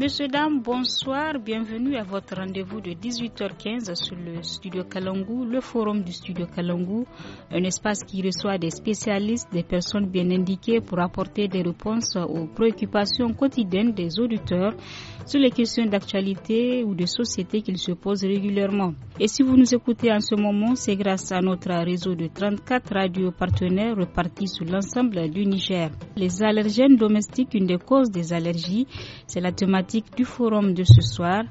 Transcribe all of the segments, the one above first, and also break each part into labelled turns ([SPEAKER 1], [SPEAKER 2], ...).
[SPEAKER 1] Monsieur, dames, bonsoir. Bienvenue à votre rendez-vous de 18h15 sur le studio Kalangou, le forum du studio Kalangou, un espace qui reçoit des spécialistes, des personnes bien indiquées pour apporter des réponses aux préoccupations quotidiennes des auditeurs sur les questions d'actualité ou de société qu'ils se posent régulièrement. Et si vous nous écoutez en ce moment, c'est grâce à notre réseau de 34 radios partenaires repartis sur l'ensemble du Niger. Les allergènes domestiques, une des causes des allergies, c'est la thématique du forum de ce soir.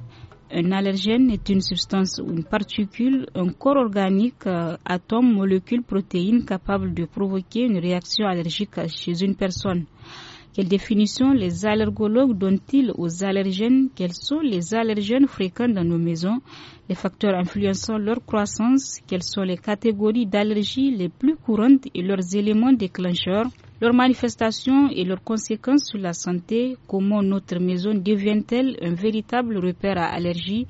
[SPEAKER 1] Un allergène est une substance ou une particule, un corps organique, euh, atome, molécule, protéine capable de provoquer une réaction allergique chez une personne. Quelle définition les allergologues donnent-ils aux allergènes Quels sont les allergènes fréquents dans nos maisons Les facteurs influençant leur croissance Quelles sont les catégories d'allergies les plus courantes et leurs éléments déclencheurs leurs manifestations et leurs conséquences sur la santé, comment notre maison devient-elle un véritable repère à allergies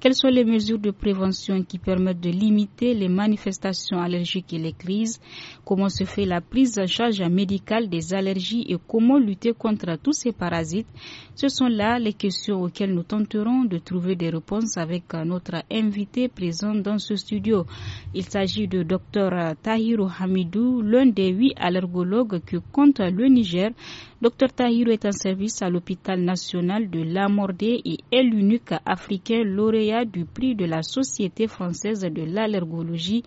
[SPEAKER 1] quelles sont les mesures de prévention qui permettent de limiter les manifestations allergiques et les crises Comment se fait la prise en charge médicale des allergies et comment lutter contre tous ces parasites Ce sont là les questions auxquelles nous tenterons de trouver des réponses avec notre invité présent dans ce studio. Il s'agit de Dr Tahiru Hamidou, l'un des huit allergologues que compte le Niger. Dr Tahiru est en service à l'hôpital national de Lamordé et est l'unique africain lauréat du prix de la Société française de l'allergologie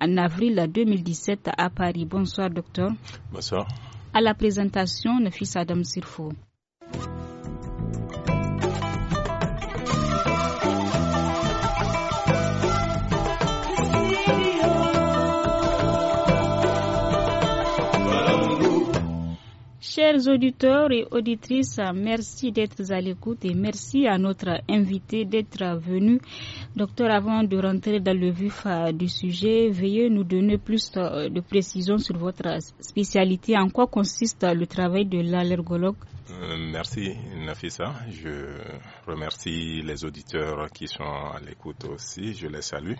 [SPEAKER 1] en avril 2017 à Paris. Bonsoir, docteur. Bonsoir. À la présentation, fils Adam Sirfo. Chers auditeurs et auditrices, merci d'être à l'écoute et merci à notre invité d'être venu. Docteur, avant de rentrer dans le vif euh, du sujet, veuillez nous donner plus euh, de précisions sur votre spécialité. En quoi consiste le travail de l'allergologue
[SPEAKER 2] euh, Merci Nafisa. Je remercie les auditeurs qui sont à l'écoute aussi. Je les salue.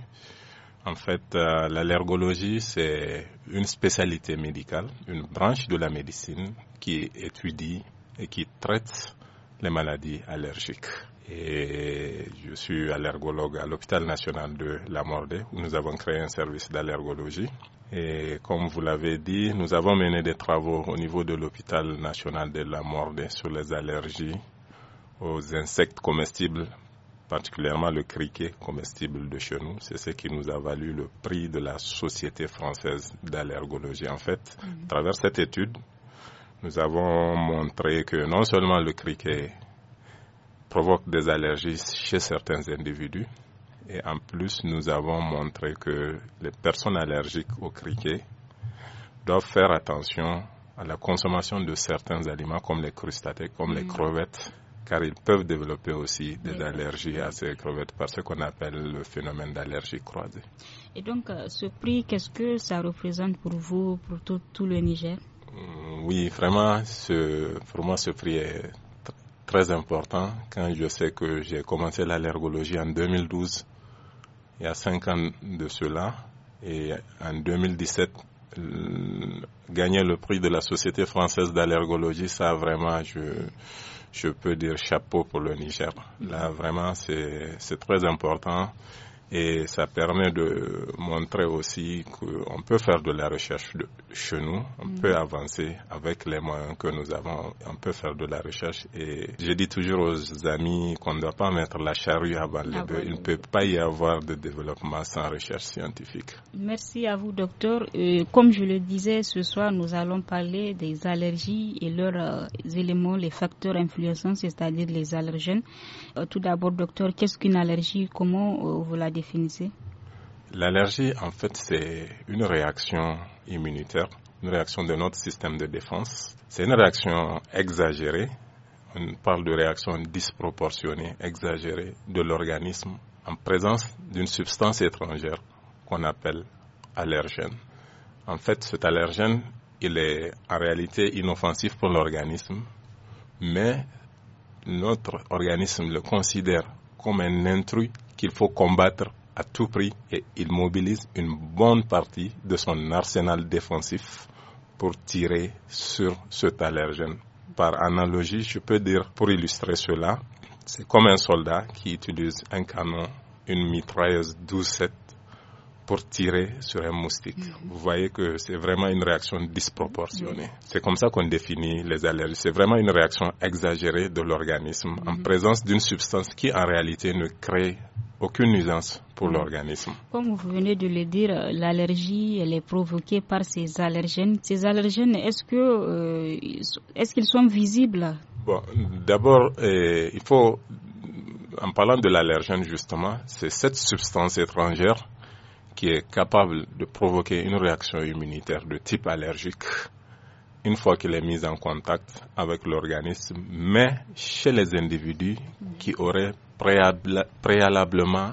[SPEAKER 2] En fait, euh, l'allergologie, c'est une spécialité médicale, une branche de la médecine qui étudie et qui traite les maladies allergiques. Et je suis allergologue à l'hôpital national de la Morde, où nous avons créé un service d'allergologie. Et comme vous l'avez dit, nous avons mené des travaux au niveau de l'hôpital national de la Morde sur les allergies aux insectes comestibles particulièrement le criquet comestible de chez nous. C'est ce qui nous a valu le prix de la Société française d'allergologie. En fait, mm. à travers cette étude, nous avons montré que non seulement le criquet provoque des allergies chez certains individus, et en plus, nous avons montré que les personnes allergiques au criquet doivent faire attention à la consommation de certains aliments comme les crustacés, comme les mm. crevettes, car ils peuvent développer aussi des allergies à ces crevettes par ce qu'on appelle le phénomène d'allergie croisée.
[SPEAKER 1] Et donc, euh, ce prix, qu'est-ce que ça représente pour vous, pour tout, le Niger
[SPEAKER 2] mm, Oui, vraiment, ce, pour moi, ce prix est très important. Quand je sais que j'ai commencé l'allergologie en 2012, il y a cinq ans de cela, et en 2017, gagner le prix de la Société française d'allergologie, ça vraiment, je je peux dire chapeau pour le Niger. Là, vraiment, c'est très important et ça permet de montrer aussi qu'on peut faire de la recherche de chez nous, on mm-hmm. peut avancer avec les moyens que nous avons, on peut faire de la recherche et je dis toujours aux amis qu'on ne doit pas mettre la charrue avant les ah il ne peut pas y avoir de développement sans recherche scientifique.
[SPEAKER 1] Merci à vous docteur. Euh, comme je le disais ce soir, nous allons parler des allergies et leurs euh, éléments, les facteurs influençants, c'est-à-dire les allergènes. Euh, tout d'abord docteur, qu'est-ce qu'une allergie Comment vous la définissez
[SPEAKER 2] L'allergie, en fait, c'est une réaction immunitaire, une réaction de notre système de défense. C'est une réaction exagérée. On parle de réaction disproportionnée, exagérée de l'organisme en présence d'une substance étrangère qu'on appelle allergène. En fait, cet allergène, il est en réalité inoffensif pour l'organisme, mais notre organisme le considère comme un intrus qu'il faut combattre à tout prix et il mobilise une bonne partie de son arsenal défensif pour tirer sur cet allergène. Par analogie, je peux dire, pour illustrer cela, c'est comme un soldat qui utilise un canon, une mitrailleuse 12-7 pour tirer sur un moustique. Mm-hmm. Vous voyez que c'est vraiment une réaction disproportionnée. Mm-hmm. C'est comme ça qu'on définit les allergies. C'est vraiment une réaction exagérée de l'organisme en mm-hmm. présence d'une substance qui en réalité ne crée aucune nuisance pour l'organisme.
[SPEAKER 1] Comme vous venez de le dire, l'allergie, elle est provoquée par ces allergènes. Ces allergènes, est-ce que euh, est-ce qu'ils sont visibles
[SPEAKER 2] D'abord, euh, il faut, en parlant de l'allergène justement, c'est cette substance étrangère qui est capable de provoquer une réaction immunitaire de type allergique une fois qu'il est mis en contact avec l'organisme, mais chez les individus qui auraient préalablement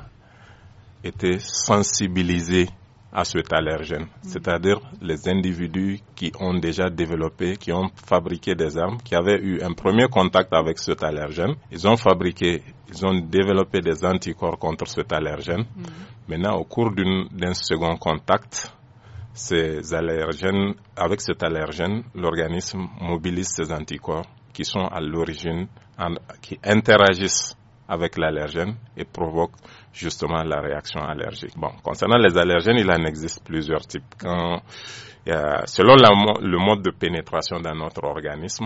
[SPEAKER 2] été sensibilisés à cet allergène, mm. c'est-à-dire les individus qui ont déjà développé, qui ont fabriqué des armes, qui avaient eu un premier contact avec cet allergène, ils ont fabriqué, ils ont développé des anticorps contre cet allergène. Mm. Maintenant, au cours d'un second contact, ces allergènes, avec cet allergène, l'organisme mobilise ses anticorps qui sont à l'origine, qui interagissent avec l'allergène et provoquent justement la réaction allergique. Bon, concernant les allergènes, il en existe plusieurs types. Euh, selon le mode de pénétration dans notre organisme,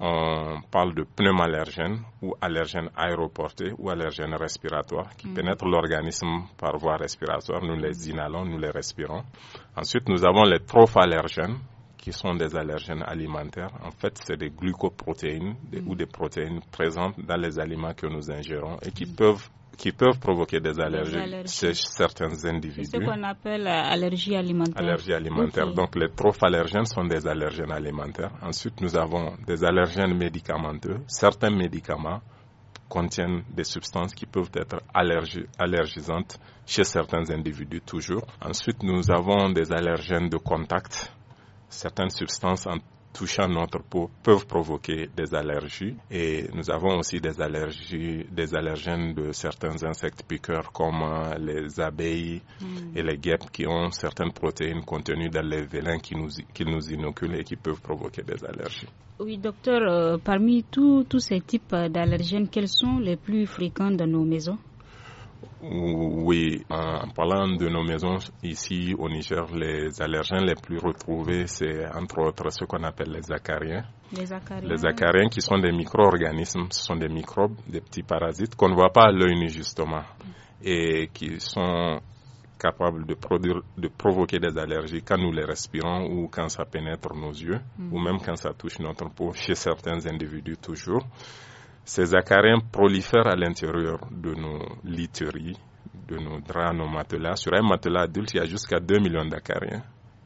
[SPEAKER 2] on parle de pneumallergènes ou allergènes aéroportés ou allergènes respiratoires qui mm. pénètrent l'organisme par voie respiratoire. Nous les inhalons, nous les respirons. Ensuite, nous avons les trophallergènes qui sont des allergènes alimentaires. En fait, c'est des glucoprotéines mm. ou des protéines présentes dans les aliments que nous ingérons et qui mm. peuvent qui peuvent provoquer des allergies, chez certains individus. C'est ce qu'on
[SPEAKER 1] appelle euh, allergie alimentaire. Allergie
[SPEAKER 2] alimentaire. Donc les allergènes sont des allergènes alimentaires. Ensuite, nous avons des allergènes médicamenteux. Certains médicaments contiennent des substances qui peuvent être allergisantes chez certains individus toujours. Ensuite, nous avons des allergènes de contact certaines substances en touchant notre peau peuvent provoquer des allergies et nous avons aussi des allergies, des allergènes de certains insectes piqueurs comme euh, les abeilles hmm. et les guêpes qui ont certaines protéines contenues dans les vélins qui nous, qui nous inoculent et qui peuvent provoquer des allergies.
[SPEAKER 1] Oui, docteur, euh, parmi tous ces types euh, d'allergènes, quels sont les plus fréquents dans nos maisons
[SPEAKER 2] oui, en parlant de nos maisons ici au Niger, les allergènes les plus retrouvés, c'est entre autres ce qu'on appelle les acariens.
[SPEAKER 1] Les acariens. Les
[SPEAKER 2] acariens qui sont des micro-organismes, ce sont des microbes, des petits parasites qu'on ne voit pas à l'œil nu justement et qui sont capables de, produire, de provoquer des allergies quand nous les respirons ou quand ça pénètre nos yeux mm. ou même quand ça touche notre peau chez certains individus toujours. Ces acariens prolifèrent à l'intérieur de nos literies, de nos draps, nos matelas. Sur un matelas adulte, il y a jusqu'à 2 millions d'acariens.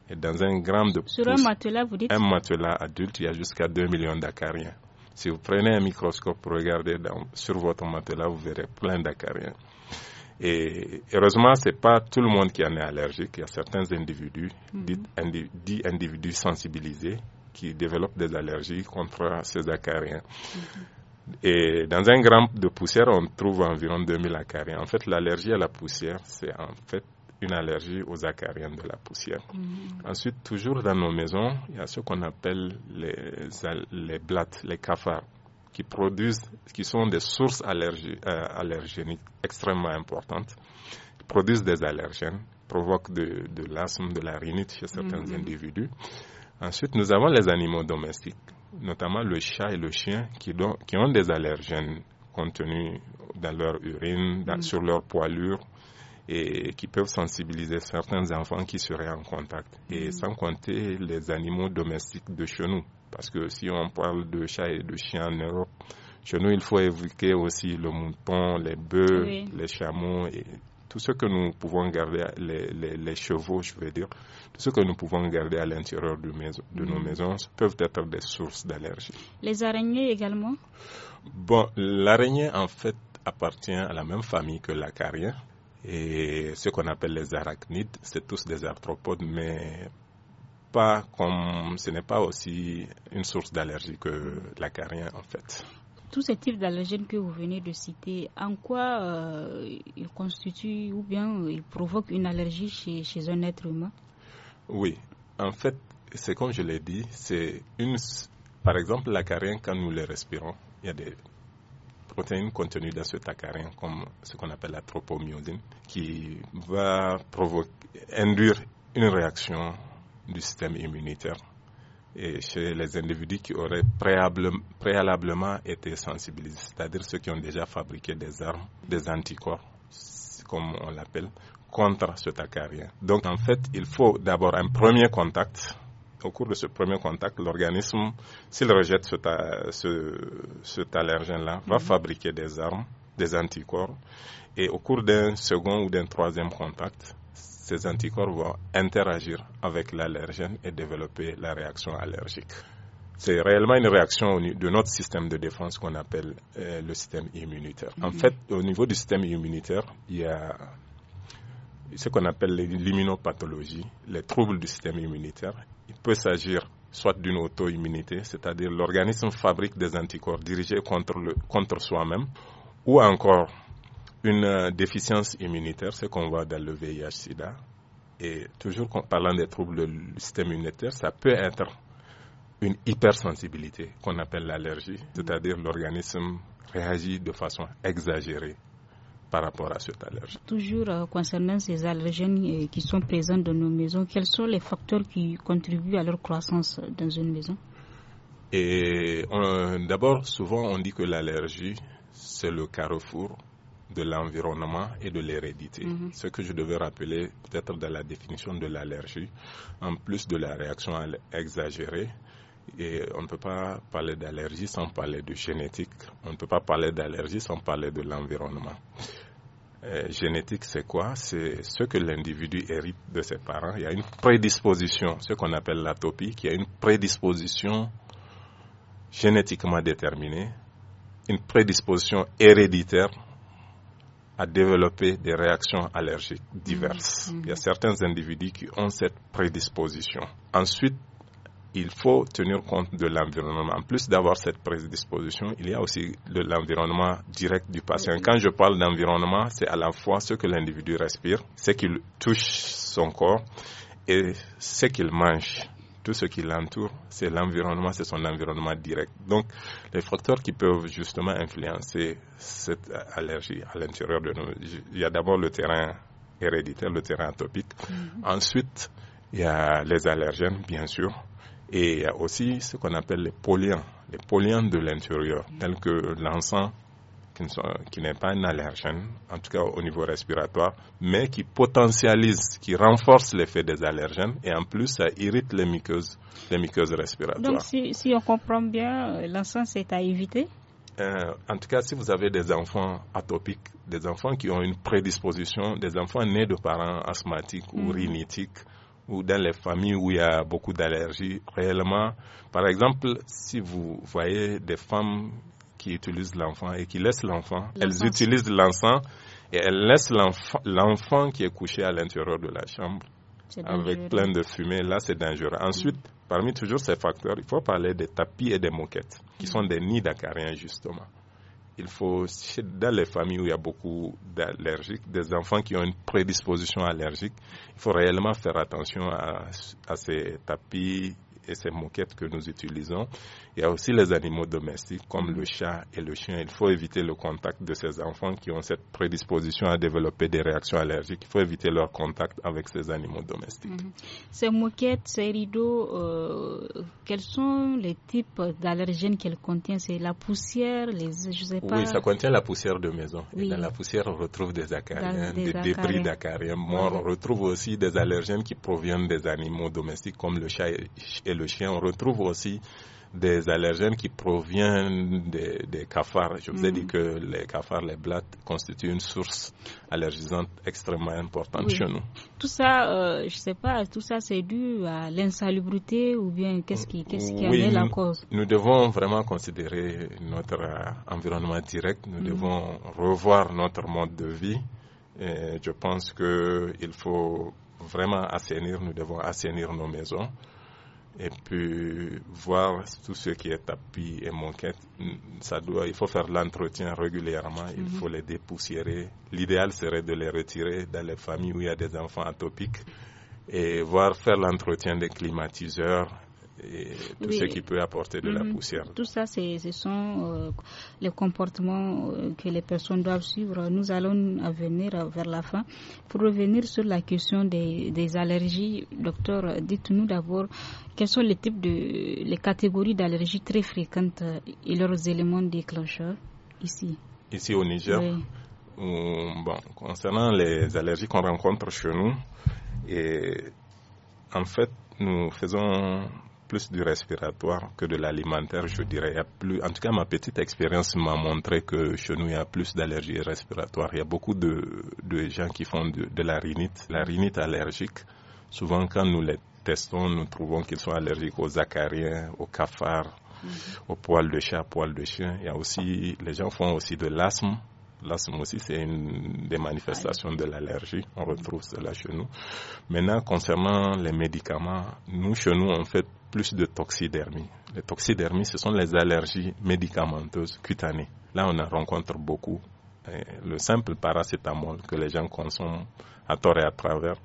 [SPEAKER 2] Et dans un gramme de Sur un matelas, adulte, il y a jusqu'à 2 millions d'acariens. Si vous prenez un microscope pour regarder sur votre matelas, vous verrez plein d'acariens. Et heureusement, ce n'est pas tout le monde qui en est allergique. Il y a certains individus, mhm. dits individus sensibilisés, qui développent des allergies contre ces acariens. Mhm. Et dans un gramme de poussière, on trouve environ 2000 acariens. En fait, l'allergie à la poussière, c'est en fait une allergie aux acariens de la poussière. Mm. Ensuite, toujours dans nos maisons, il y a ce qu'on appelle les, les blattes, les cafards, qui produisent, qui sont des sources allergiques euh, allergéniques extrêmement importantes, Ils produisent des allergènes, provoquent de, l'asthme, de la rhinite chez certains mm-hmm. individus. Ensuite, nous avons les animaux domestiques notamment le chat et le chien, qui, ont des allergènes contenus dans leur urine, mm. sur leur poilure, et qui peuvent sensibiliser certains enfants qui seraient en contact. Et mm. sans compter les animaux domestiques de chez nous. Parce que si on parle de chats et de chiens en Europe, chez nous, il faut évoquer aussi le mouton, les bœufs, les chameaux et tout ce que nous pouvons garder, les, chevaux, je veux dire, tout ce que nous pouvons garder à l'intérieur de, nos mm. maisons peuvent être des sources d'allergie.
[SPEAKER 1] Les araignées également
[SPEAKER 2] Bon, l'araignée en fait appartient à la même famille que l'acarien. Et ce qu'on appelle les arachnides, c'est tous des arthropodes, mais pas comme, ce n'est pas aussi une source d'allergie que l'acarien en fait
[SPEAKER 1] tous ces types d'allergènes que vous venez de citer, en quoi euh, ils constituent ou bien ils provoquent une allergie chez, un être humain
[SPEAKER 2] Oui, en fait, c'est comme je l'ai dit, c'est une. Par exemple, l'acarien, quand nous le respirons, il y a des protéines contenues dans cet acarien, comme ce qu'on appelle la tropomyosine, qui va provoquer, induire une réaction du système immunitaire et chez les individus qui auraient préalablement été sensibilisés, c'est-à-dire ceux qui ont déjà fabriqué des armes, des anticorps, comme on l'appelle, contre ce tacarien. Donc en fait, il faut d'abord un premier contact. Au cours de ce premier contact, l'organisme, s'il rejette ce, ce, cet allergène-là, va mhm. fabriquer des armes, des anticorps. Et au cours d'un second ou d'un troisième contact, ces anticorps vont interagir avec l'allergène et développer la réaction allergique. C'est réellement une réaction de notre système de défense qu'on appelle euh, le système immunitaire. En mm-hmm. fait, au niveau du système immunitaire, il y a ce qu'on appelle l'immunopathologie, les troubles du système immunitaire. Il peut s'agir soit d'une auto-immunité, c'est-à-dire l'organisme fabrique des anticorps dirigés contre, le, contre soi-même, ou encore une euh, déficience immunitaire, ce qu'on voit dans le VIH-Sida. Et toujours parlant des troubles du système immunitaire, ça peut être une hypersensibilité qu'on appelle l'allergie, c'est-à-dire l'organisme réagit de façon exagérée par rapport à cette allergie.
[SPEAKER 1] Toujours euh, concernant ces allergènes euh, qui sont présents dans nos maisons, quels sont les facteurs qui contribuent à leur croissance dans une maison
[SPEAKER 2] d'abord, souvent on dit que l'allergie, c'est le carrefour de l'environnement et de l'hérédité. Mhm. Ce que je devais rappeler peut-être dans la définition de l'allergie, en plus de la réaction exagérée, et on ne peut pas parler d'allergie sans parler de génétique, on ne peut pas parler d'allergie sans parler de l'environnement. Euh, génétique, c'est quoi C'est ce que l'individu hérite de ses parents. Il y a une prédisposition, ce qu'on appelle l'atopie, qui a une prédisposition génétiquement déterminée, une prédisposition héréditaire à développer des réactions allergiques diverses. Mm-hmm. Mm-hmm. Il y a certains individus qui ont cette prédisposition. Ensuite, il faut tenir compte de l'environnement. En plus d'avoir cette prédisposition, il y a aussi l'environnement direct du patient. Mm-hmm. Quand je parle d'environnement, c'est à la fois ce que l'individu respire, ce qu'il touche son corps et ce qu'il mange tout ce qui l'entoure, c'est l'environnement, c'est son environnement direct. Donc, les facteurs qui peuvent justement influencer cette allergie à l'intérieur de nous, il y a d'abord le terrain héréditaire, le terrain atopique. Mm-hmm. Ensuite, il y a les allergènes, bien sûr, et il y a aussi ce qu'on appelle les polluants, les polluants de l'intérieur, tels que l'encens, euh, qui, n'est pas une allergène, en tout cas au niveau respiratoire, mais qui potentialise, qui renforce l'effet des allergènes et en plus ça irrite les muqueuses, les muqueuses respiratoires. Donc
[SPEAKER 1] si, on comprend bien, euh, l'encens est à éviter
[SPEAKER 2] euh, en tout cas, si vous avez des enfants atopiques, des enfants qui ont une prédisposition, des enfants nés de parents asthmatiques ou mm. rhinitiques, ou dans les familles où il y a beaucoup d'allergies, réellement, par exemple, si vous voyez des femmes qui utilisent l'enfant et qui laissent l'enfant. Elles utilisent l'encens et elles laissent l'enfant qui est couché à l'intérieur de la chambre
[SPEAKER 1] avec plein
[SPEAKER 2] de fumée. Là, c'est dangereux. Ensuite, mm. parmi toujours ces facteurs, il faut parler des tapis et des moquettes, qui sont des nids d'acariens, justement. Il faut, dans les familles où il y a beaucoup d'allergiques, des enfants qui ont une prédisposition allergique, il faut réellement faire attention à ces tapis et ces moquettes que nous utilisons. Il y a aussi les animaux domestiques comme le chat et le chien. Il faut éviter le contact de ces enfants qui ont cette prédisposition à développer des réactions allergiques. Il faut éviter leur contact avec ces animaux domestiques.
[SPEAKER 1] Mhm. Ces moquettes, ces rideaux, euh, quels sont les types d'allergènes qu'elles contiennent C'est la poussière, les, je sais pas. Oui, ça
[SPEAKER 2] contient la poussière de maison. Et dans la poussière, on retrouve des acariens, des, débris d'acariens morts. On retrouve aussi des allergènes qui proviennent des animaux domestiques comme le chat et le chien. On retrouve aussi des allergènes qui proviennent des, cafards. Je vous ai dit mhm. que les cafards, les blattes, constituent une source allergisante extrêmement importante chez nous.
[SPEAKER 1] Tout ça, euh, je ne sais pas, tout ça c'est dû à l'insalubrité ou bien qu'est-ce qui, en est la cause
[SPEAKER 2] Nous devons vraiment considérer notre environnement direct, nous mhm. devons revoir notre mode de vie. je pense qu'il faut vraiment assainir, nous devons assainir nos maisons et puis voir tout ce qui est tapis et manquette. Ça doit, il faut faire l'entretien régulièrement, il mhm. faut les dépoussiérer. L'idéal serait de les retirer dans les familles où il y a des enfants atopiques et voir faire l'entretien des climatiseurs et tout ce qui peut apporter de la mhm. poussière. Tout
[SPEAKER 1] ça, ce sont euh, les comportements euh, que les personnes doivent suivre. Nous allons venir vers la fin. Pour revenir sur la question des, allergies, docteur, dites-nous d'abord quels sont les types de les catégories d'allergies très fréquentes euh, et leurs éléments déclencheurs ici.
[SPEAKER 2] Ici au Niger. bon, concernant les allergies qu'on rencontre chez nous, et en fait, nous faisons plus du respiratoire que de l'alimentaire, je dirais. plus, en tout cas, ma petite expérience m'a montré que chez nous, il y a plus d'allergies respiratoires. Il y a beaucoup de, de gens qui font de, la rhinite, la rhinite allergique. Souvent, quand nous les testons, nous trouvons qu'ils sont allergiques aux acariens, aux cafards, mhm. aux poils de chat, poils de chien. Il y a aussi, les gens font aussi de l'asthme L'asthme aussi, c'est une des manifestations de l'allergie. On retrouve cela chez nous. Maintenant, concernant les médicaments, nous, chez nous, on fait plus de toxidermie. Les toxidermies, ce sont les allergies médicamenteuses cutanées. Là, on en rencontre beaucoup. le simple paracétamol que les gens consomment à tort et à travers,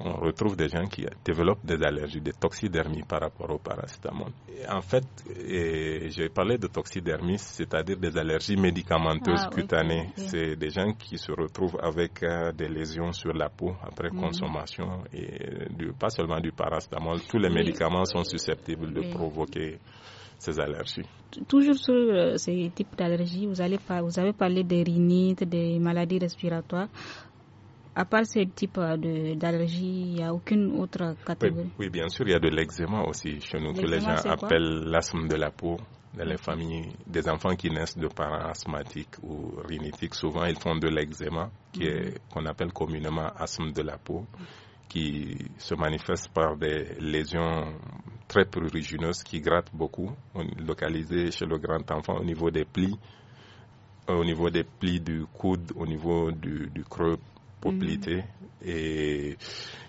[SPEAKER 2] on retrouve des gens qui développent des allergies, des toxidermies par rapport au paracétamol. en fait, j'ai parlé de toxidermie, c'est-à-dire des allergies médicamenteuses ah, cutanées. C'est des gens qui se retrouvent avec euh, des lésions sur la peau après mhm. consommation, et pas seulement du paracétamol, tous les médicaments sont susceptibles de provoquer ces allergies.
[SPEAKER 1] Toujours sur euh, ces types d'allergies, vous, vous avez parlé des rhinites, des maladies respiratoires. À part ce type d'allergie, il n'y a aucune autre catégorie
[SPEAKER 2] oui, bien sûr, il y a de l'eczéma aussi chez nous, que les gens appellent l'asthme de la peau. Dans les familles, des enfants qui naissent de parents asthmatiques ou rhinitiques, souvent ils font de l'eczéma, qui est mhm. qu'on appelle communément asthme de la peau, qui se manifeste par des lésions très prurigineuses qui grattent beaucoup, localisées chez le grand enfant au niveau des plis, au niveau des plis du coude, au niveau du creux Mm. et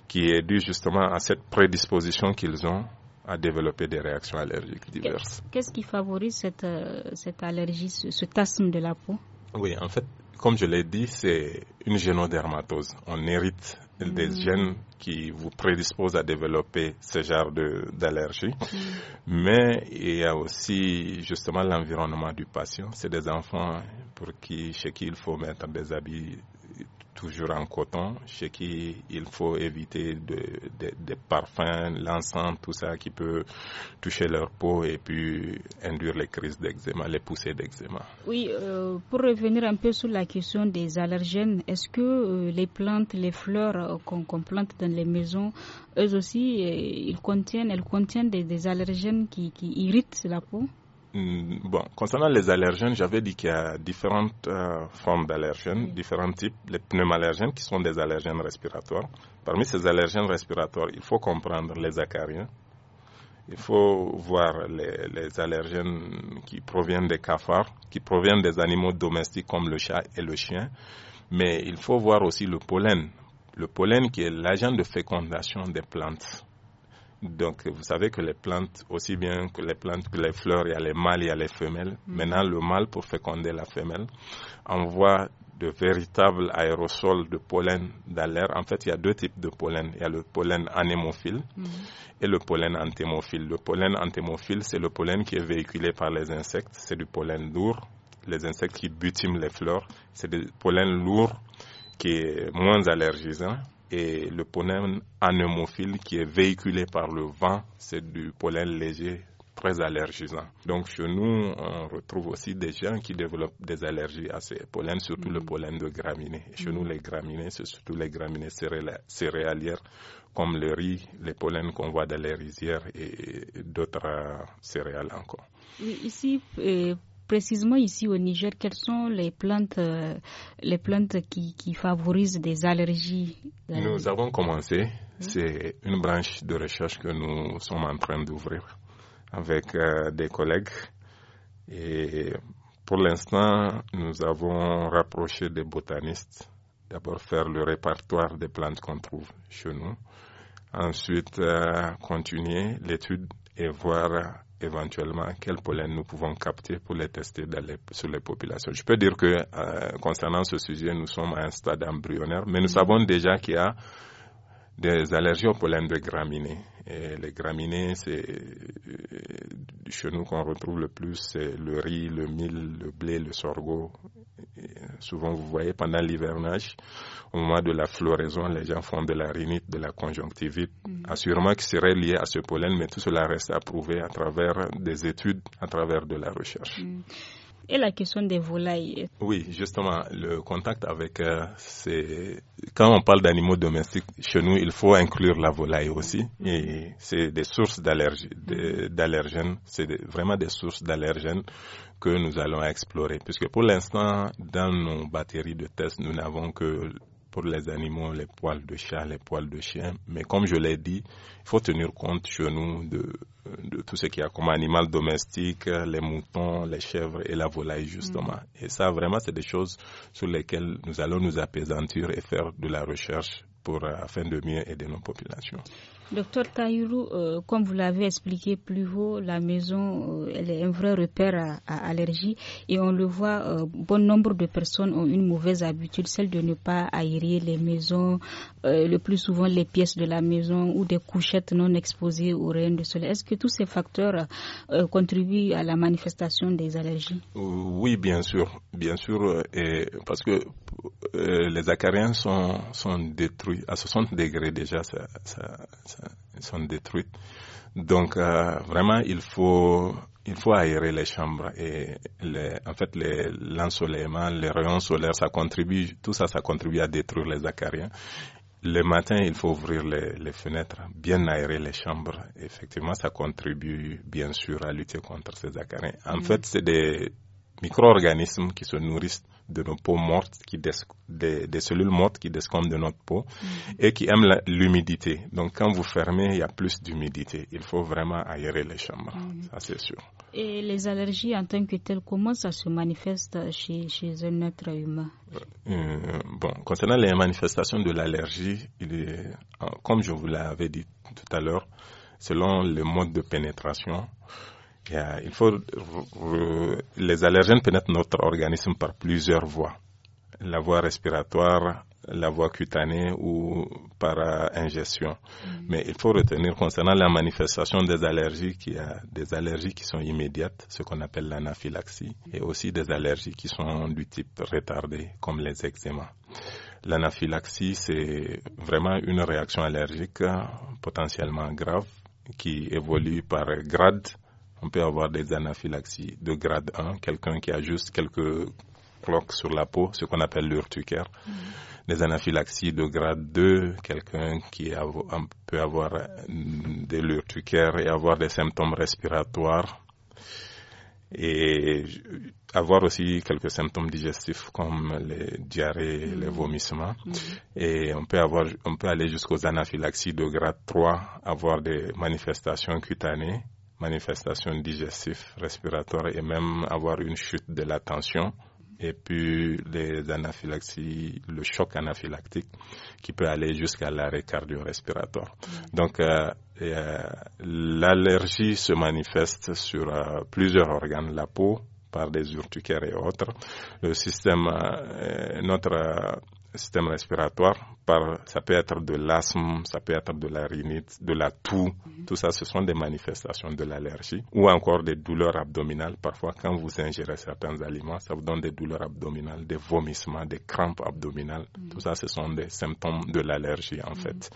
[SPEAKER 2] qui est dû justement à cette prédisposition qu'ils ont à développer des réactions allergiques diverses.
[SPEAKER 1] Qu'est-ce qui favorise cette, euh, cette allergie, ce, tasme de la peau
[SPEAKER 2] Oui, en fait, comme je l'ai dit, c'est une génodermatose. On hérite des mm. gènes qui vous prédisposent à développer ce genre d'allergie. Mm. Mais il y a aussi justement l'environnement du patient. C'est des enfants pour qui, chez qui il faut mettre des habits toujours en coton, chez qui il faut éviter des parfums, l'encens, tout ça qui peut toucher leur peau et puis induire les crises d'eczéma, les poussées d'eczéma.
[SPEAKER 1] Oui, euh, pour revenir un peu sur la question des allergènes, est-ce que euh, les plantes, les fleurs euh, qu'on plante dans les maisons, elles aussi, contiennent, elles contiennent des, allergènes qui irritent la peau
[SPEAKER 2] Mm, bon, concernant les allergènes, j'avais dit qu'il y a différentes euh, formes d'allergènes, différents types. Les pneumallergènes qui sont des allergènes respiratoires. Parmi ces allergènes respiratoires, il faut comprendre les acariens. Il faut voir les allergènes qui proviennent des cafards, qui proviennent des animaux domestiques comme le chat et le chien. Mais il faut voir aussi le pollen. Le pollen qui est l'agent de fécondation des plantes. Donc, vous savez que les plantes, aussi bien que les plantes que les fleurs, il y a les mâles, il y a les femelles. Mhm. Maintenant, le mâle, pour féconder la femelle, envoie de véritables aérosols de pollen dans l'air. En fait, il y a deux types de pollen. Il y a le pollen anémophile mhm. et le pollen entémophile. Le pollen entémophile, c'est le pollen qui est véhiculé par les insectes. C'est du pollen lourd. Les insectes qui butiment les fleurs. C'est du pollen lourd qui est moins allergisant et le pollen anémophile qui est véhiculé par le vent, c'est du pollen léger très allergisant. Donc chez nous, on retrouve aussi des gens qui développent des allergies à ces pollens, surtout le mm. pollen de graminées. chez nous, mm. les graminées, c'est surtout les graminées céréalières comme le riz, les pollens qu'on voit dans les rizières et d'autres céréales encore.
[SPEAKER 1] Oui, ici, euh, précisément ici au Niger, quelles sont les plantes, euh, les plantes qui, favorisent des allergies
[SPEAKER 2] Nous avons commencé. C'est une branche de recherche que nous sommes en train d'ouvrir avec euh, des collègues. Et pour l'instant, nous avons rapproché des botanistes. D'abord faire le répertoire des plantes qu'on trouve chez nous. Ensuite, euh, continuer l'étude et voir éventuellement quel pollen nous pouvons capter pour les tester sur les populations. Je peux dire que euh, concernant ce sujet, nous sommes à un stade embryonnaire, mais nous mm. savons déjà qu'il y a des allergies au pollen de graminées. Et les graminées, c'est euh, chez nous qu'on retrouve le plus, c'est le riz, le mil, le blé, le sorgho, euh, souvent vous voyez pendant l'hivernage, au moment de la floraison, les gens font de la rhinite, de la conjonctivite, mm-hmm. assurément qui serait lié à ce pollen, mais tout cela reste à prouver à travers des études, à travers de la recherche. Mm
[SPEAKER 1] et la question des volailles.
[SPEAKER 2] Oui, justement, le contact avec euh, c'est quand on parle d'animaux domestiques chez nous, il faut inclure la volaille aussi. Et c'est des sources d'allergènes, c'est vraiment des sources d'allergènes que nous allons explorer. Puisque pour l'instant, dans nos batteries de tests, nous n'avons que pour les animaux, les poils de chat, les poils de chien. Mais comme je l'ai dit, il faut tenir compte chez nous de, de tout ce qu'il y a comme animal domestique, les moutons, les chèvres et la volaille, justement. Mm. Et ça, vraiment, c'est des choses sur lesquelles nous allons nous apaisantir et faire de la recherche pour, euh, afin de mieux aider nos populations.
[SPEAKER 1] Docteur Taïrou, euh, comme vous l'avez expliqué plus haut, la maison euh, elle est un vrai repère à, à allergie et on le voit, euh, bon nombre de personnes ont une mauvaise habitude, celle de ne pas aérer les maisons, le plus souvent les pièces de la maison ou des couchettes non exposées au rayon de soleil. Est-ce que tous ces facteurs contribuent à la manifestation des allergies
[SPEAKER 2] Oui, bien sûr, bien sûr, et parce que les acariens sont, sont détruits à 60 degrés déjà, ça sont détruites. Donc euh, vraiment, il faut il faut aérer les chambres et les, en fait l'ensoleillement, les, les rayons solaires, ça contribue, tout ça, ça contribue à détruire les acariens. Le matin, il faut ouvrir les, fenêtres, bien aérer les chambres. Effectivement, ça contribue bien sûr à lutter contre ces acariens. En mm. fait, c'est des micro-organismes qui se nourrissent de nos peaux mortes, qui des, cellules mortes qui descendent de notre peau mm. et qui aiment l'humidité. Donc quand vous fermez, il y a plus d'humidité. Il faut vraiment aérer les chambres, mm. ça c'est sûr.
[SPEAKER 1] Et les allergies en tant que telles, comment ça se manifeste chez, chez un être humain
[SPEAKER 2] euh, Bon, concernant les manifestations de l'allergie, euh, comme je vous l'avais dit tout à l'heure, selon le mode de pénétration, euh, il faut les allergènes pénètrent notre organisme par plusieurs voies. La voie respiratoire, la voie cutanée ou par euh, ingestion. Mm. Mais il faut retenir concernant la manifestation des allergies qu'il a des allergies qui sont immédiates, ce qu'on appelle l'anaphylaxie, mm. et aussi des allergies qui sont du type retardé, comme les eczémas. L'anaphylaxie, c'est vraiment une réaction allergique euh, potentiellement grave qui évolue par grade on peut avoir des anaphylaxies de grade 1, quelqu'un qui a juste quelques cloques sur la peau, ce qu'on appelle l'urticaire. Mm. Des anaphylaxies de grade 2, quelqu'un qui peut avoir mm, de l'urticaire et avoir des symptômes respiratoires. Et avoir aussi quelques symptômes digestifs comme les diarrhées, et mm. les vomissements. Et on peut avoir, on peut aller jusqu'aux anaphylaxies de grade 3, avoir des manifestations cutanées manifestations digestives, respiratoires et même avoir une chute de la tension et puis les anaphylaxies, le choc anaphylactique qui peut aller jusqu'à l'arrêt cardio-respiratoire. Mm. Donc euh, euh, l'allergie se manifeste sur euh, plusieurs organes, la peau par des urticaires et autres. Le système, notre système respiratoire. Par, ça peut être de l'asthme, ça peut être de la rhinite, de la toux. Mhm. Tout ça, ce sont des manifestations de l'allergie ou encore des douleurs abdominales. Parfois, quand vous ingérez certains aliments, ça vous donne des douleurs abdominales, des vomissements, des crampes abdominales. Mhm. Tout ça, ce sont des symptômes de l'allergie, en mhm. fait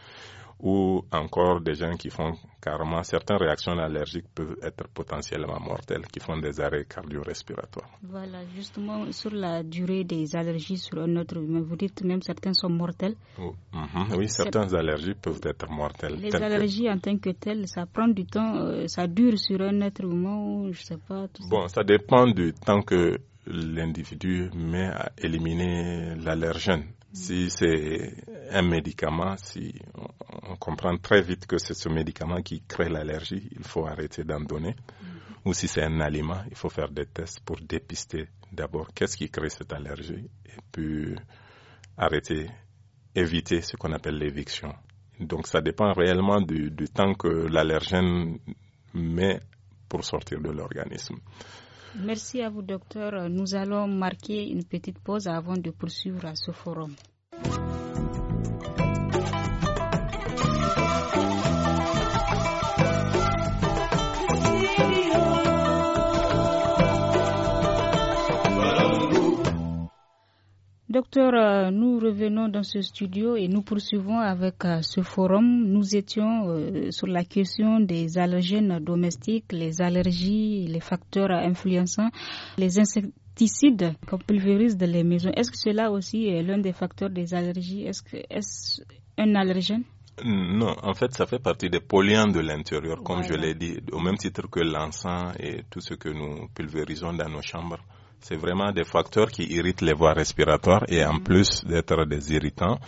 [SPEAKER 2] ou encore des gens qui font carrément certaines réactions allergiques peuvent être potentiellement mortelles, qui font des arrêts cardio-respiratoires.
[SPEAKER 1] Voilà, justement, sur la durée des allergies sur un autre humain, vous dites même certains sont mortels.
[SPEAKER 2] Oh, mhm. oui, certaines allergies peuvent être mortelles. Les allergies
[SPEAKER 1] en tant que telles, ça prend du temps, euh, ça dure sur un être humain je je sais pas.
[SPEAKER 2] bon, ça. ça dépend du temps que l'individu met à éliminer l'allergène. Si c'est un médicament, si on comprend très vite que c'est ce médicament qui crée l'allergie, il faut arrêter d'en donner. Mhm. Ou si c'est un aliment, il faut faire des tests pour dépister d'abord qu'est-ce qui crée cette allergie et puis arrêter, éviter ce qu'on appelle l'éviction. Donc ça dépend réellement du, du temps que l'allergène met pour sortir de l'organisme.
[SPEAKER 1] Merci à vous, docteur. Nous allons marquer une petite pause avant de poursuivre ce forum. Docteur, euh, nous revenons dans ce studio et nous poursuivons avec euh, ce forum. Nous étions euh, sur la question des allergènes domestiques, les allergies, les facteurs influençants, les insecticides qu'on pulvérise dans les maisons. Est-ce que cela aussi est l'un des facteurs des allergies Est-ce un allergène
[SPEAKER 2] non, en fait, ça fait partie des polluants de l'intérieur, comme je l'ai dit, au même titre que l'encens et tout ce que nous pulvérisons dans nos chambres. C'est vraiment des facteurs qui irritent les voies respiratoires et en plus d'être des irritants,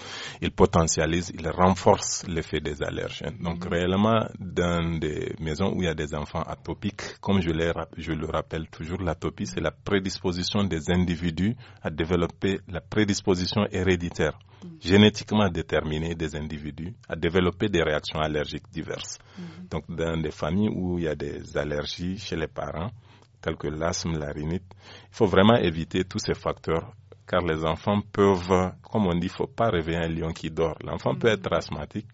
[SPEAKER 2] ils potentialisent, ils renforcent l'effet des allergènes. Donc mm-hmm. réellement, dans des maisons où il y a des enfants atopiques, comme je, le rappelle toujours, l'atopie, c'est la prédisposition des individus à développer la prédisposition héréditaire mm-hmm. génétiquement déterminée des individus à développer des réactions allergiques diverses. Mm-hmm. Donc, dans des familles où il y a des allergies chez les parents, tels que l'asthme, la rhinite. Il faut vraiment éviter tous ces facteurs car les enfants peuvent, comme on dit, il ne faut pas réveiller un lion qui dort. L'enfant peut être mm. asthmatique,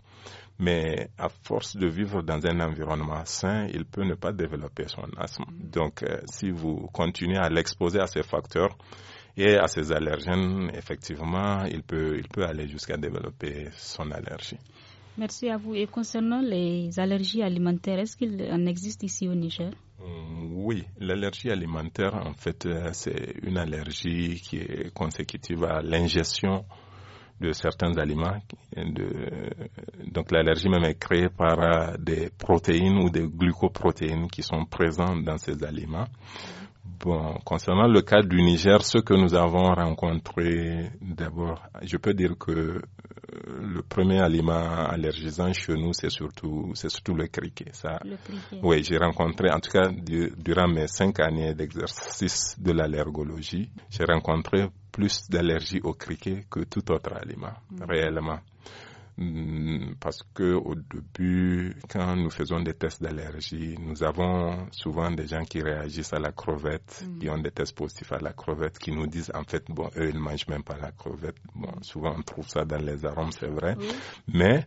[SPEAKER 2] mais à force de vivre dans un environnement sain, il peut ne pas développer son asthme. Mm. Donc, euh, si vous continuez à l'exposer à ces facteurs et à ces allergènes, effectivement, il peut, il peut aller jusqu'à développer son allergie.
[SPEAKER 1] Merci à vous. Et concernant les allergies alimentaires, est-ce qu'il en existe ici au Niger
[SPEAKER 2] Mm, oui, l'allergie alimentaire, en fait, euh, c'est une allergie qui est consécutive à l'ingestion de certains aliments. De... donc l'allergie même est créée par euh, des protéines ou des glucoprotéines qui sont présentes dans ces aliments. Bon, concernant le cas du Niger, ce que nous avons rencontré, d'abord, je peux dire que le premier aliment allergisant chez nous, c'est surtout, c'est surtout le criquet. Ça, Oui, j'ai rencontré, en tout cas, durant mes cinq années d'exercice de l'allergologie, j'ai rencontré plus d'allergies au criquet que tout autre aliment, mm. réellement. Mm, parce que au début, quand nous faisons des tests d'allergie, nous avons souvent des gens qui réagissent à la crevette, mm. qui ont des tests positifs à la crevette, qui nous disent en fait, bon, eux, ils mangent même pas la crevette. Bon, mm. souvent on trouve ça dans les arômes, c'est vrai. Mais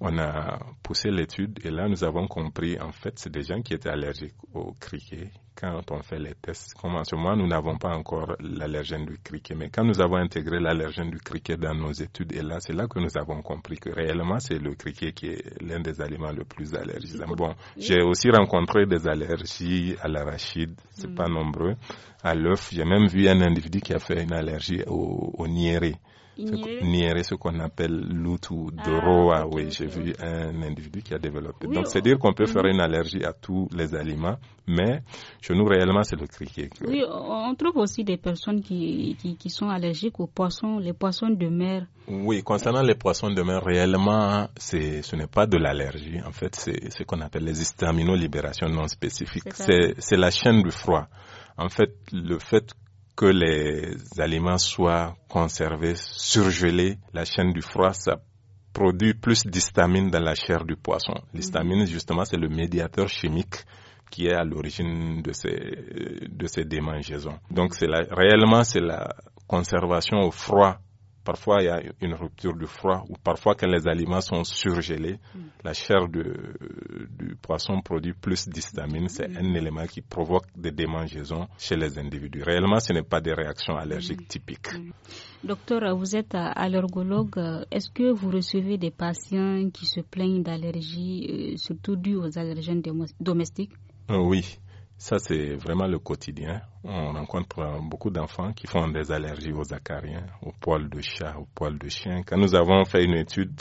[SPEAKER 2] on a poussé l'étude et là, nous avons compris, en fait, c'est des gens qui étaient allergiques au criquet quand on fait les tests. Comme nous n'avons pas encore l'allergène du criquet, mais quand nous avons intégré l'allergène du criquet dans nos études, et là, c'est là que nous avons compris que réellement, c'est le criquet qui est l'un des aliments le plus allergisant. Bon, j'ai aussi rencontré des allergies à l'arachide, c'est mm. pas nombreux, à l'œuf. J'ai même vu un individu qui a fait une allergie au, au niéré. Niéré, ce qu'on appelle l'outou ah, de oui, j'ai vu un individu qui a développé. Donc, oh. c'est dire qu'on peut faire mhm. une allergie à tous les aliments, mais chez nous, réellement, c'est le criquet.
[SPEAKER 1] Oui, on trouve aussi des personnes qui, qui, sont allergiques aux poissons, les poissons de mer.
[SPEAKER 2] Oui, concernant les poissons de mer, réellement, ce n'est pas de l'allergie. En fait, c'est ce qu'on appelle les histaminolibérations non spécifiques. C'est la chaîne du froid. En fait, le fait que les aliments soient conservés, surgelés, la chaîne du froid, ça produit plus d'histamine dans la chair du poisson. Mm. L'histamine, justement, c'est le médiateur chimique qui est à l'origine de ces, de ces démangeaisons. Donc, c'est réellement, c'est la conservation au froid parfois il y a une rupture du froid ou parfois quand les aliments sont surgelés, mm. la chair de, du poisson produit plus d'histamine. C'est mm. un élément qui provoque des démangeaisons chez les individus. Réellement, ce n'est pas des réactions allergiques mm. typiques.
[SPEAKER 1] Docteur, vous êtes allergologue. Est-ce que vous recevez des patients qui se plaignent d'allergies, euh, surtout dues aux allergènes domestiques
[SPEAKER 2] euh, Oui. Ça, c'est vraiment le quotidien. On rencontre euh, beaucoup d'enfants qui font des allergies aux acariens, aux poils de chat, aux poils de chien. Quand nous avons fait une étude,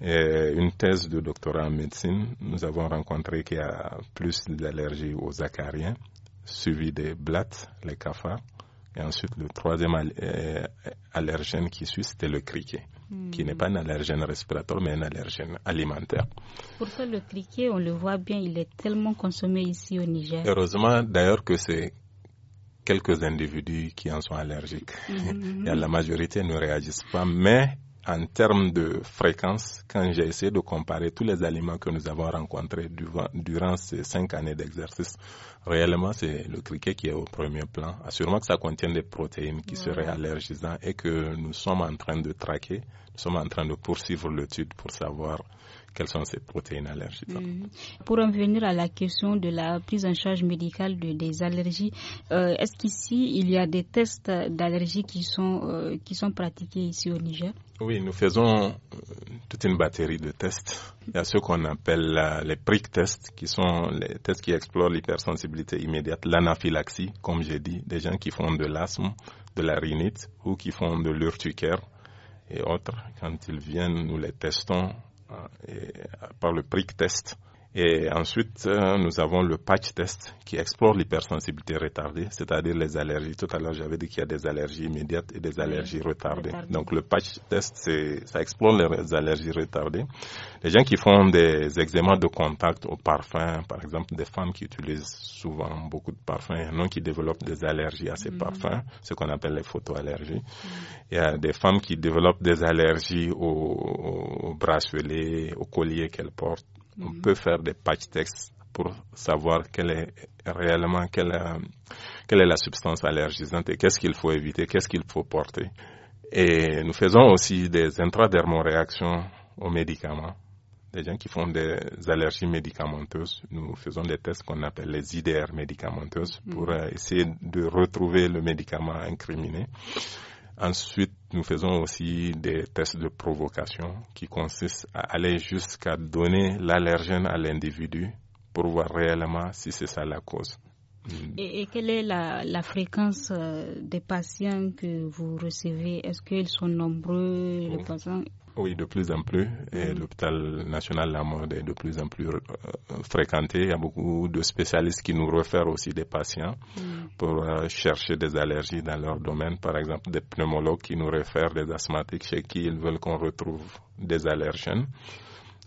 [SPEAKER 2] une thèse de doctorat en médecine, nous avons rencontré qu'il y a plus d'allergies aux acariens, suivi des blattes, les cafards. Et ensuite, le troisième euh, allergène qui suit, c'était le criquet qui n'est pas un allergène respiratoire, mais un allergène alimentaire.
[SPEAKER 1] Pour ça, le criquet, on le voit bien, il est tellement consommé ici au Niger.
[SPEAKER 2] Heureusement d'ailleurs que c'est quelques individus qui en sont allergiques.
[SPEAKER 1] Mm-hmm. la
[SPEAKER 2] majorité ne réagissent pas, mais en termes de fréquence, quand j'ai essayé de comparer tous les aliments que nous avons rencontrés durant, ces cinq années d'exercice, réellement, c'est le criquet qui est au premier plan. Assurément que ça contient des protéines qui seraient allergisantes et que nous sommes en train de traquer, nous sommes en train de poursuivre l'étude pour savoir quelles sont ces protéines allergiques. Hein.
[SPEAKER 1] Mhm. Pour en venir à la question de la prise en charge médicale des allergies, euh, est-ce qu'ici il y a des tests d'allergie qui sont euh, qui sont pratiqués ici au Niger
[SPEAKER 2] Oui, nous faisons euh, toute une batterie de tests. Il y a ce qu'on appelle les prick tests, qui sont les tests qui explorent l'hypersensibilité immédiate, l'anaphylaxie, comme j'ai dit, des gens qui font de l'asthme, de la rhinite ou qui font de l'urticaire et autres. Quand ils viennent, nous les testons par le prick test et ensuite, euh, nous avons le patch test qui explore l'hypersensibilité retardée, c'est-à-dire les allergies. Tout à l'heure, j'avais dit qu'il y a des allergies immédiates et des allergies retardées. Donc, le patch test, ça explore les allergies retardées. Les gens qui font des examens de contact au parfum, par exemple, des femmes qui utilisent souvent beaucoup de parfums, il y en a qui développent des allergies à ces mm-hmm. parfums, ce qu'on appelle les photoallergies. Mm-hmm. Il y a des femmes qui développent des allergies aux, aux bracelets, aux colliers qu'elles portent, on mhm. peut faire des patch tests pour savoir quelle est réellement euh, quelle, est la substance allergisante et qu'est-ce qu'il faut éviter, qu'est-ce qu'il faut porter. Et nous faisons aussi des intradermoréactions aux médicaments. Des gens qui font des allergies médicamenteuses, nous faisons des tests qu'on appelle les IDR médicamenteuses pour mhm. euh, essayer de retrouver le médicament incriminé. Ensuite, nous faisons aussi des tests de provocation qui consistent à aller jusqu'à donner l'allergène à l'individu pour voir réellement si c'est ça la cause.
[SPEAKER 1] Mm. Et, quelle est la, fréquence euh, des patients que vous recevez Est-ce qu'ils sont nombreux, les oh. patients
[SPEAKER 2] oui, de plus en plus. Et mhm. l'hôpital national La Mode est de plus en plus euh, fréquenté. Il y a beaucoup de spécialistes qui nous réfèrent aussi des patients mhm. pour euh, chercher des allergies dans leur domaine. Par exemple, des pneumologues qui nous réfèrent des asthmatiques chez qui ils veulent qu'on retrouve des allergènes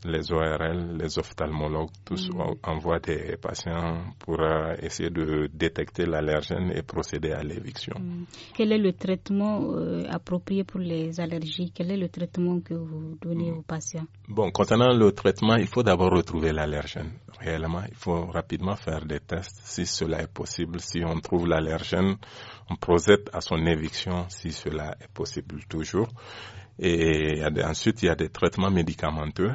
[SPEAKER 2] les ORL, les ophtalmologues, tous mm. envoient des patients pour euh, essayer de détecter l'allergène et procéder à l'éviction. Mm.
[SPEAKER 1] Quel est le traitement euh, approprié pour les allergies Quel est le traitement que vous donnez mm. aux patients
[SPEAKER 2] Bon, concernant le traitement, il faut d'abord retrouver l'allergène. Réellement, il faut rapidement faire des tests si cela est possible. Si on trouve l'allergène, on procède à son éviction si cela est possible toujours. Et ensuite, il y a des traitements médicamenteux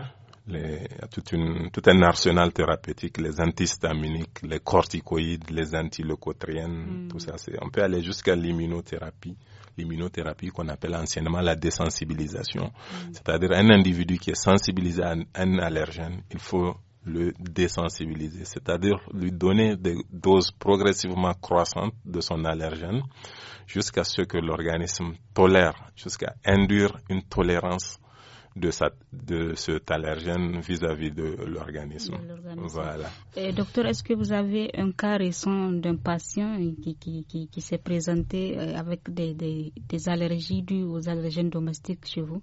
[SPEAKER 2] il y a tout, une, tout un arsenal thérapeutique, les antihistaminiques, les corticoïdes, les antileucotriennes, hmm. tout ça. On peut aller jusqu'à l'immunothérapie, l'immunothérapie qu'on appelle anciennement la désensibilisation. Hmm. C'est-à-dire un individu qui est sensibilisé à un allergène, il faut le désensibiliser, c'est-à-dire lui donner des doses progressivement croissantes de son allergène jusqu'à ce que l'organisme tolère, jusqu'à induire une tolérance de, de cet allergène vis-à-vis de l'organisme. Voilà.
[SPEAKER 1] docteur, est-ce que vous avez un cas récent d'un patient qui, qui, s'est présenté euh, avec des, allergies dues aux allergènes domestiques chez vous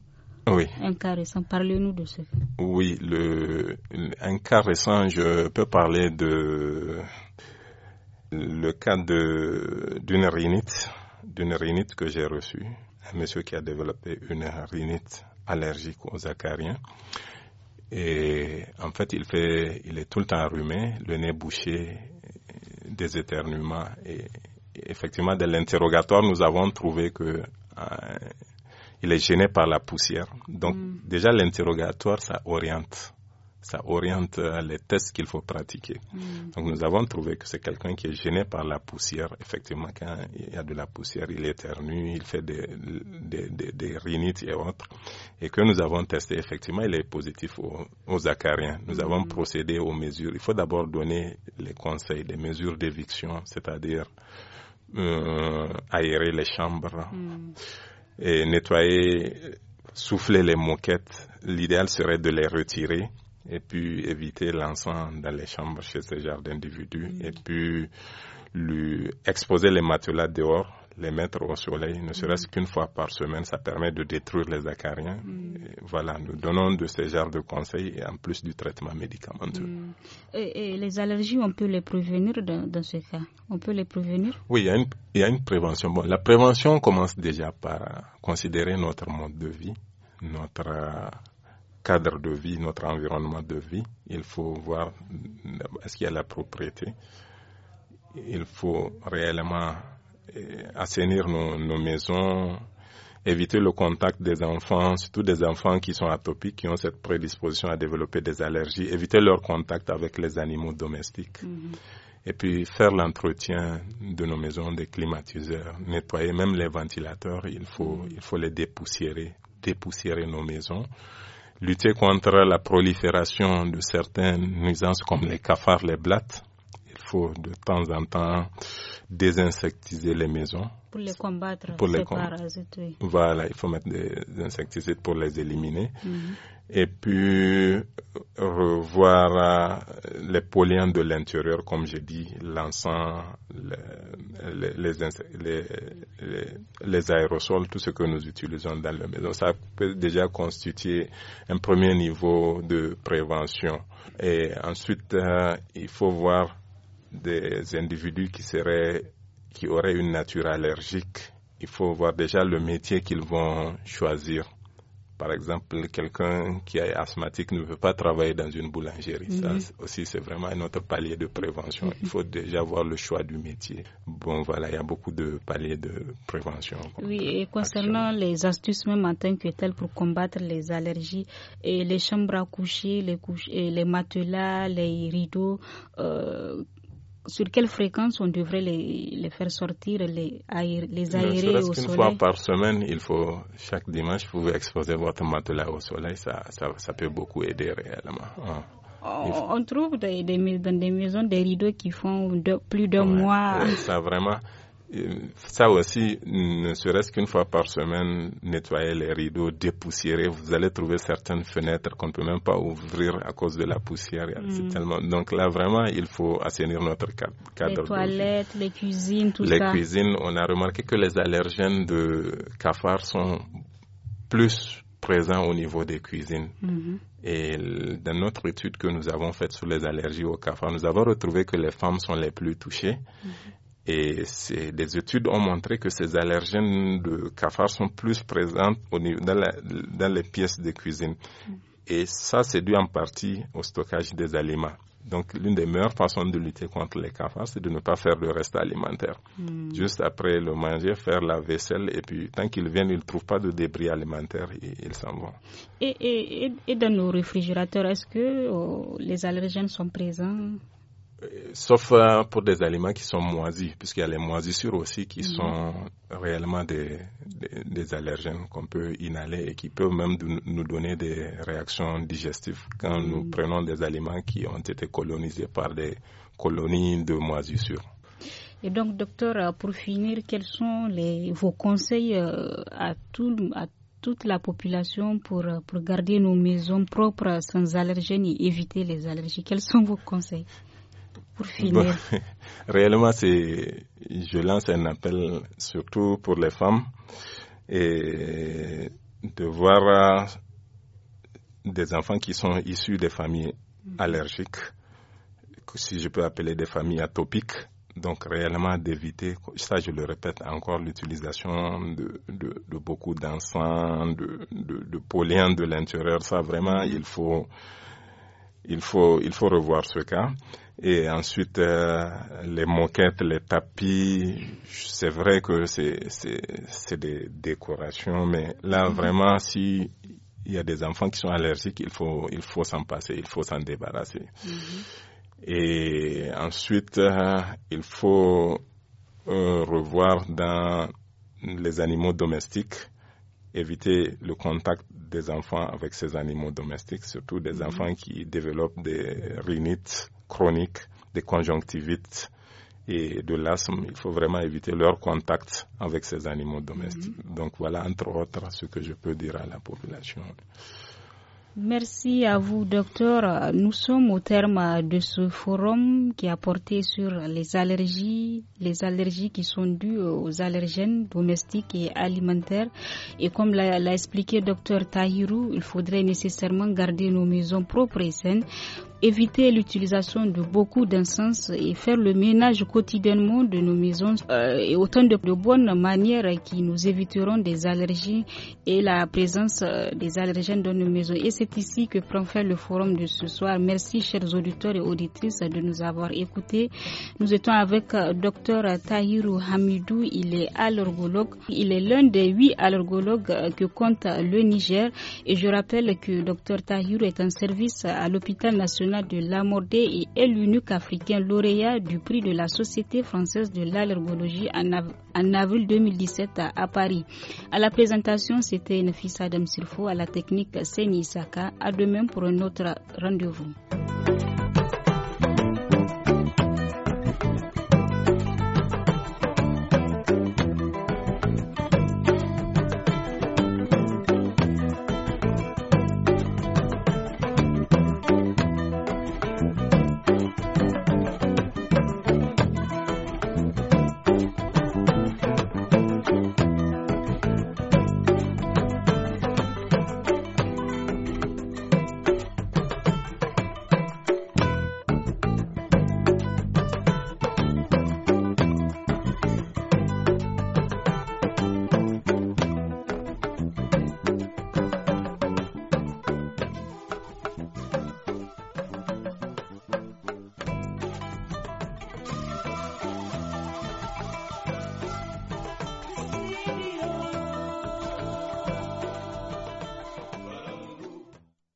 [SPEAKER 1] oui. Un cas récent, parlez-nous de ce
[SPEAKER 2] Oui, le, un cas récent, je peux parler de le cas de d'une rhinite, d'une rhinite que j'ai reçue. Un monsieur qui a développé une rhinite allergique aux acariens. Et en fait, il fait, il est tout le temps rhumé, le nez bouché, des éternuements. Et, effectivement, de l'interrogatoire, nous avons trouvé que euh, il est gêné par la poussière. Donc, mm. déjà, l'interrogatoire, ça oriente ça oriente euh, les tests qu'il faut pratiquer. Mm. Donc nous avons trouvé que c'est quelqu'un qui est gêné par la poussière. Effectivement, quand il y a de la poussière, il éternue, il fait des, des, rhinites et autres. Et que nous avons testé, effectivement, il est positif aux, acariens. Nous avons mm. procédé aux mesures. Il faut d'abord donner les conseils, des mesures d'éviction, c'est-à-dire euh, aérer les chambres mm. et nettoyer souffler les moquettes, l'idéal serait de les retirer et puis éviter l'encens dans les chambres chez ce genre d'individus mm. et puis lui exposer les matelas dehors les mettre au soleil, ne mm. serait-ce qu'une fois par semaine, ça permet de détruire les acariens. Mm. Voilà, nous donnons de ces genres de conseils et en plus du traitement médicamenteux.
[SPEAKER 1] Et, les allergies, on peut les prévenir dans, ce cas On peut les
[SPEAKER 2] prévenir Oui, il y, a une, y a une prévention. Bon, la prévention commence déjà par considérer notre mode de vie, notre euh, cadre de vie, notre environnement de vie. Il faut voir est-ce qu'il y a la propriété. Il faut réellement eh, assainir nos, maisons, éviter le contact des enfants, surtout des enfants qui sont atopiques, qui ont cette prédisposition à développer des allergies, éviter leur contact avec les animaux domestiques. Mm-hmm. Et puis faire l'entretien de nos maisons, des climatiseurs, nettoyer même les ventilateurs, il faut, mm-hmm. il faut les dépoussiérer, dépoussiérer nos maisons lutter contre la prolifération de certaines nuisances comme les cafards, les blattes. Il faut de temps en temps désinsectiser les maisons.
[SPEAKER 1] Pour les combattre, pour les parasites,
[SPEAKER 2] Voilà, il faut mettre des insecticides pour les éliminer. Mhm et puis revoir euh, les polluants de l'intérieur, comme j'ai dit, l'encens, les, les, les, aérosols, tout ce que nous utilisons dans la maison. Ça peut déjà constituer un premier niveau de prévention. Et ensuite, euh, il faut voir des individus qui seraient, qui auraient une nature allergique. Il faut voir déjà le métier qu'ils vont choisir par exemple, quelqu'un qui est asthmatique ne veut pas travailler dans une boulangerie. Ça mhm. aussi, c'est vraiment un autre palier de prévention. Il mhm. faut déjà avoir le choix du métier. Bon, voilà, il y a beaucoup de paliers de prévention.
[SPEAKER 1] Oui, et concernant les astuces même en tant que telles pour combattre les allergies, et les chambres à coucher, les, couches, et les matelas, les rideaux, euh, sur quelle fréquence on devrait les, faire sortir, les, aérer, les au soleil Une fois
[SPEAKER 2] par semaine, il faut, chaque dimanche, vous pouvez exposer votre matelas au soleil, ça, ça, peut beaucoup aider réellement. Hein. On,
[SPEAKER 1] trouve dans des maisons des rideaux qui font plus d'un mois.
[SPEAKER 2] ça vraiment, euh, ça aussi, ne serait-ce qu'une fois par semaine, nettoyer les rideaux, dépoussiérer. Vous allez trouver certaines fenêtres qu'on ne peut même pas ouvrir à cause de la poussière. Mm. Donc là, vraiment, il faut assainir notre cadre. Les
[SPEAKER 1] toilettes, les cuisines, tout ça. Les
[SPEAKER 2] cuisines, on a remarqué que les allergènes de cafards sont plus présents au niveau des cuisines. Mm-hmm. Et dans notre étude que nous avons faite sur les allergies aux cafards, nous avons retrouvé que les femmes sont les plus touchées. Mm-hmm. Et des études ont montré que ces allergènes de cafards sont plus présents au niveau, dans, les pièces de cuisine. Mm. Et ça, c'est dû en partie au stockage des aliments. Donc, l'une des meilleures façons de lutter contre les cafards, c'est de ne pas faire de reste alimentaire. Mm. Juste après le manger, faire la vaisselle, et puis tant qu'ils viennent, ils ne trouvent pas de débris alimentaires, et, ils s'en vont.
[SPEAKER 1] Et, dans nos réfrigérateurs, est-ce que oh, les allergènes sont présents
[SPEAKER 2] euh, sauf euh, pour des aliments qui sont moisis, puisqu'il y a les moisissures aussi qui mhm. sont réellement des, des, allergènes qu'on peut inhaler et qui peuvent même nous donner des réactions digestives quand nous mhm. prenons des aliments qui ont été colonisés par des colonies de moisissures.
[SPEAKER 1] Et donc, docteur, euh, pour finir, quels sont les, vos conseils à, tout, à toute la population pour, pour garder nos maisons propres sans allergènes et éviter les allergies Quels sont vos conseils
[SPEAKER 2] Réellement, c'est, je lance un appel surtout pour les femmes et de voir euh, des enfants qui sont issus des familles mm. allergiques, si je peux appeler des familles atopiques, donc réellement d'éviter, ça je le répète encore, l'utilisation de, beaucoup d'encens, de, de, de pollen de l'intérieur, ça vraiment il faut, il faut, il faut revoir ce cas. Et ensuite, euh, les moquettes, les tapis, c'est vrai que c'est des décorations, mais là, mhm. vraiment, si il y a des enfants qui sont allergiques, il faut, il faut s'en passer, il faut s'en débarrasser. Mhm. Et ensuite, euh, il faut euh, revoir dans les animaux domestiques, éviter le contact des enfants avec ces animaux domestiques, surtout des mhm. enfants qui développent des rhinites chroniques, des conjonctivites et de l'asthme. Il faut vraiment éviter leur contact avec ces animaux domestiques. Mm-hmm. Donc voilà, entre autres, ce que je peux dire à la population.
[SPEAKER 1] Merci à vous, docteur. Nous sommes au terme de ce forum qui a porté sur les allergies, les allergies qui sont dues aux allergènes domestiques et alimentaires. Et comme l'a expliqué docteur Tahirou, il faudrait nécessairement garder nos maisons propres et saines, éviter l'utilisation de beaucoup d'encens et faire le ménage quotidiennement de nos maisons euh, et autant de, bonnes manières qui nous éviteront des allergies et la présence euh, des allergènes dans nos maisons. Et c'est ici que prend fin le forum de ce soir. Merci, chers auditeurs et auditrices, de nous avoir écoutés. Nous étions avec euh, Dr Tahiru Hamidou. Il est allergologue. Il est l'un des huit allergologues euh, que compte le Niger. Et je rappelle que Dr Tahiru est en service à l'hôpital national de Lamordé et est l'unique africain lauréat du prix de la Société française de l'allergologie en Afrique en avril 2017 à Paris. À la présentation, c'était Nafisa Adam Silfo à la technique Seni Saka. À demain pour un autre rendez-vous.